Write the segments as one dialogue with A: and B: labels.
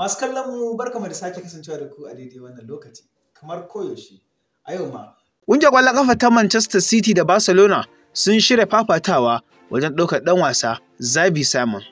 A: Masu kallon mu barkamu da sake kasancewa da ku a daidai wannan lokaci, kamar koyaushe, a yau ma. Ƙungiyar ƙwallon ƙafa ta Manchester City da Barcelona sun shirya fafatawa wajen ɗaukar ɗan wasa Zabi Simon.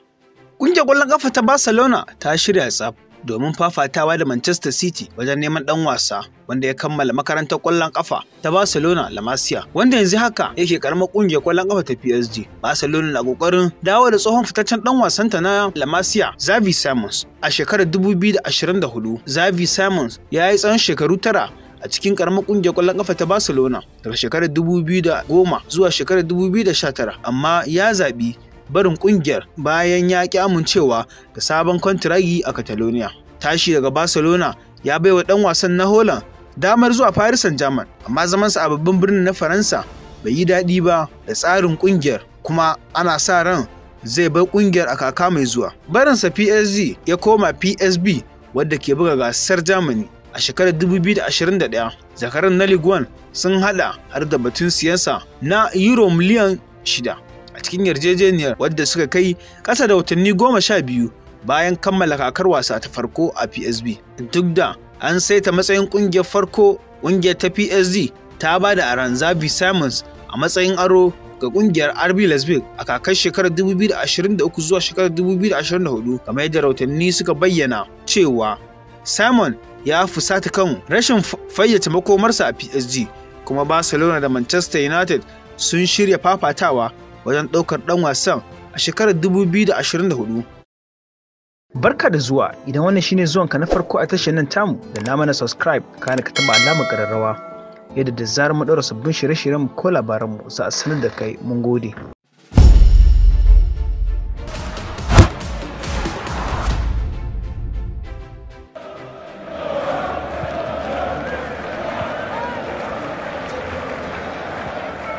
A: Ƙungiyar kwallon ƙafa ta Barcelona ta shirya tsaf domin fafatawa da Manchester City wajen neman ɗan wasa wanda ya kammala makarantar ƙwallon ƙafa ta Barcelona La Masia wanda yanzu haka yake karamar ƙungiyar ƙwallon ƙafa ta PSG. Barcelona na ƙoƙarin dawo da tsohon fitaccen ɗan wasanta na La Masia Xavi Simons. A shekarar 2024 Xavi Simons ya yi tsawon shekaru tara a cikin karamar ƙungiyar kwallon kafa ta Barcelona daga shekarar 2010 zuwa shekarar 2019 amma ya zaɓi barin kungiyar bayan ya ki amincewa da sabon kwantiragi a Catalonia. Tashi daga Barcelona ya baiwa ɗan wasan na Holland damar zuwa Paris Saint-Germain, amma zamansa a babban birnin na Faransa bai yi daɗi ba da tsarin kungiyar kuma ana sa ran zai bar kungiyar a kaka mai zuwa. Barinsa PSG ya koma PSB wadda ke buga gasar Germany a shekarar 2021. Zakaran na Ligue 1 sun hada har da batun siyasa na Euro miliyan shida. cikin yarjejeniyar wadda suka kai ƙasa da watanni goma sha biyu bayan kammala kakar wasa ta farko a psb duk da an saita matsayin ƙungiyar farko ƙungiyar ta PSV, ta ba da zabi simons a matsayin aro ga kungiyar RB Leipzig a kakar shekarar 2023 zuwa shekarar 2024 kamar yadda rautanni suka bayyana cewa Simon ya fusata kan rashin fayyace makomarsa a PSG kuma Barcelona da Manchester United sun shirya fafatawa wajen ɗaukar ɗan wasan a shekarar dubu da da ashirin
B: hudu. Barka da zuwa idan wannan shine zuwanka na farko a tashar nan tamu da na mana subscribe kana ka taba alamar ƙararrawa yadda da zarar mu ɗaura sabbin shirye-shiryen ko labaranmu za a sanar da kai mun gode.